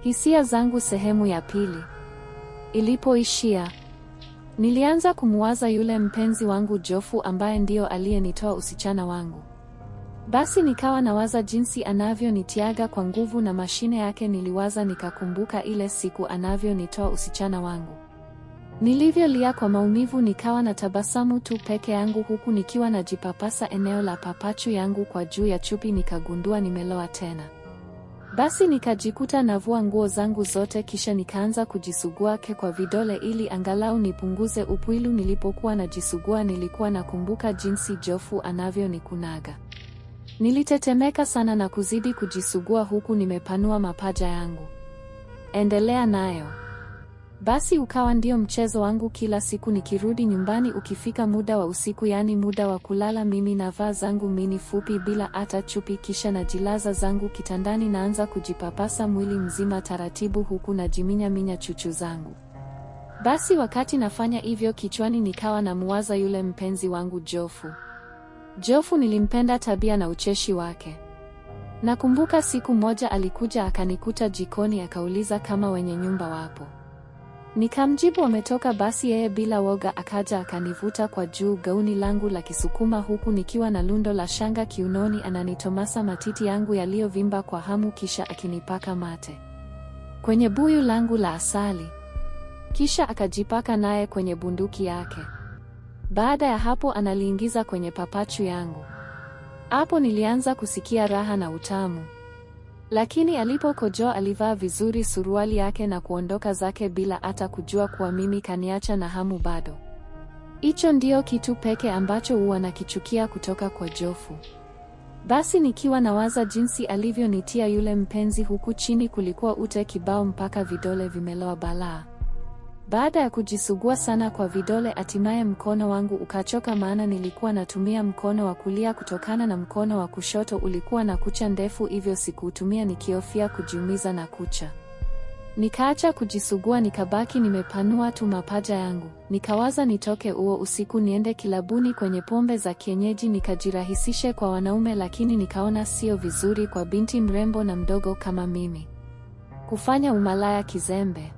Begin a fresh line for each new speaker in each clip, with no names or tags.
Hisia zangu sehemu ya pili. Ilipoishia, nilianza kumwaza yule mpenzi wangu Jofu ambaye ndiyo aliyenitoa usichana wangu. Basi nikawa nawaza jinsi anavyonitiaga kwa nguvu na mashine yake. Niliwaza nikakumbuka ile siku anavyonitoa usichana wangu, nilivyolia kwa maumivu. Nikawa na tabasamu tu peke yangu, huku nikiwa najipapasa eneo la papachu yangu kwa juu ya chupi. Nikagundua nimeloa tena. Basi nikajikuta navua nguo zangu zote kisha nikaanza kujisugua ke kwa vidole ili angalau nipunguze upwilu. Nilipokuwa najisugua nilikuwa nakumbuka jinsi Jofu anavyonikunaga. Nilitetemeka sana na kuzidi kujisugua huku nimepanua mapaja yangu. Endelea nayo. Basi ukawa ndio mchezo wangu kila siku nikirudi nyumbani ukifika muda wa usiku yaani muda wa kulala mimi navaa zangu mini fupi bila hata chupi kisha najilaza zangu kitandani naanza kujipapasa mwili mzima taratibu huku najiminya minya chuchu zangu. Basi wakati nafanya hivyo kichwani nikawa namuwaza yule mpenzi wangu Jofu. Jofu nilimpenda tabia na ucheshi wake. Nakumbuka siku moja alikuja akanikuta jikoni akauliza kama wenye nyumba wapo. Nikamjibu ametoka basi yeye bila woga akaja akanivuta kwa juu gauni langu la Kisukuma huku nikiwa na lundo la shanga kiunoni, ananitomasa matiti yangu yaliyovimba kwa hamu, kisha akinipaka mate kwenye buyu langu la asali, kisha akajipaka naye kwenye bunduki yake. Baada ya hapo, analiingiza kwenye papachu yangu. Hapo nilianza kusikia raha na utamu. Lakini alipokojoa alivaa vizuri suruali yake na kuondoka zake bila hata kujua kuwa mimi kaniacha na hamu bado. Hicho ndio kitu peke ambacho huwa nakichukia kutoka kwa Jofu. Basi nikiwa nawaza jinsi alivyonitia yule mpenzi huku chini kulikuwa ute kibao mpaka vidole vimeloa balaa. Baada ya kujisugua sana kwa vidole, hatimaye mkono wangu ukachoka, maana nilikuwa natumia mkono wa kulia kutokana na mkono wa kushoto ulikuwa na kucha ndefu, hivyo sikuutumia nikihofia kujiumiza na kucha. Nikaacha kujisugua, nikabaki nimepanua tu mapaja yangu. Nikawaza nitoke huo usiku niende kilabuni kwenye pombe za kienyeji nikajirahisishe kwa wanaume, lakini nikaona sio vizuri kwa binti mrembo na mdogo kama mimi kufanya umalaya kizembe.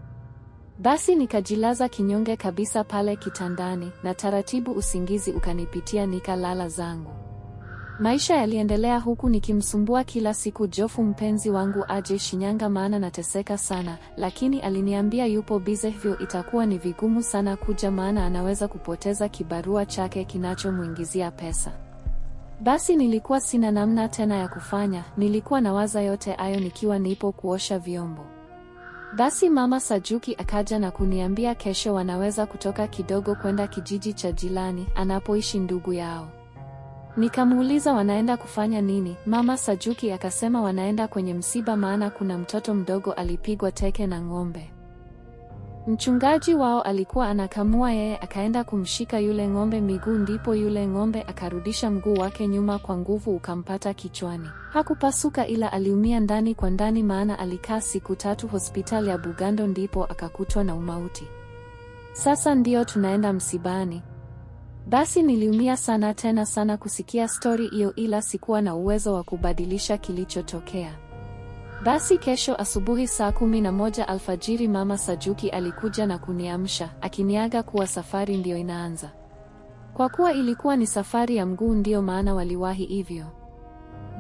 Basi nikajilaza kinyonge kabisa pale kitandani na taratibu usingizi ukanipitia nikalala zangu. Maisha yaliendelea huku nikimsumbua kila siku Jofu mpenzi wangu aje Shinyanga maana nateseka sana, lakini aliniambia yupo bize, hivyo itakuwa ni vigumu sana kuja, maana anaweza kupoteza kibarua chake kinachomwingizia pesa. Basi nilikuwa sina namna tena ya kufanya, nilikuwa nawaza yote ayo nikiwa nipo kuosha vyombo. Basi mama Sajuki akaja na kuniambia kesho wanaweza kutoka kidogo kwenda kijiji cha jirani anapoishi ndugu yao. Nikamuuliza wanaenda kufanya nini? Mama Sajuki akasema wanaenda kwenye msiba maana kuna mtoto mdogo alipigwa teke na ng'ombe. Mchungaji wao alikuwa anakamua, yeye akaenda kumshika yule ng'ombe miguu, ndipo yule ng'ombe akarudisha mguu wake nyuma kwa nguvu, ukampata kichwani. Hakupasuka ila aliumia ndani kwa ndani, maana alikaa siku tatu hospitali ya Bugando, ndipo akakutwa na umauti. Sasa ndiyo tunaenda msibani. Basi niliumia sana tena sana kusikia stori hiyo, ila sikuwa na uwezo wa kubadilisha kilichotokea. Basi kesho asubuhi saa kumi na moja alfajiri Mama Sajuki alikuja na kuniamsha, akiniaga kuwa safari ndiyo inaanza. Kwa kuwa ilikuwa ni safari ya mguu ndiyo maana waliwahi hivyo.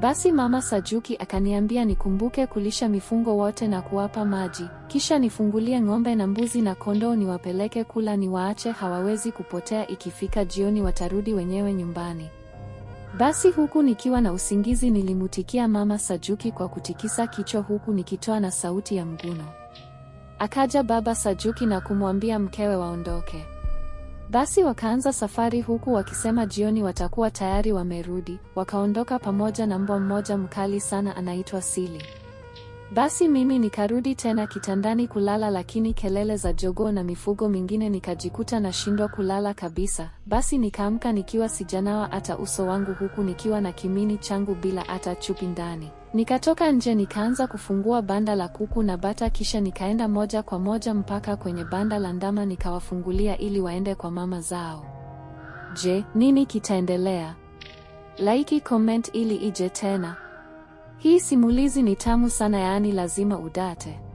Basi Mama Sajuki akaniambia nikumbuke kulisha mifugo wote na kuwapa maji, kisha nifungulie ng'ombe na mbuzi na kondoo niwapeleke kula niwaache hawawezi kupotea ikifika jioni watarudi wenyewe nyumbani. Basi huku nikiwa na usingizi nilimutikia mama Sajuki kwa kutikisa kichwa huku nikitoa na sauti ya mguno. Akaja baba Sajuki na kumwambia mkewe waondoke. Basi wakaanza safari huku wakisema jioni watakuwa tayari wamerudi, wakaondoka pamoja na mbwa mmoja mkali sana anaitwa Sili. Basi mimi nikarudi tena kitandani kulala, lakini kelele za jogoo na mifugo mingine nikajikuta nashindwa kulala kabisa. Basi nikaamka nikiwa sijanawa hata uso wangu, huku nikiwa na kimini changu bila hata chupi ndani. Nikatoka nje nikaanza kufungua banda la kuku na bata, kisha nikaenda moja kwa moja mpaka kwenye banda la ndama nikawafungulia ili waende kwa mama zao. Je, nini kitaendelea? Like, comment ili ije tena. Hii simulizi ni tamu sana yaani lazima udate.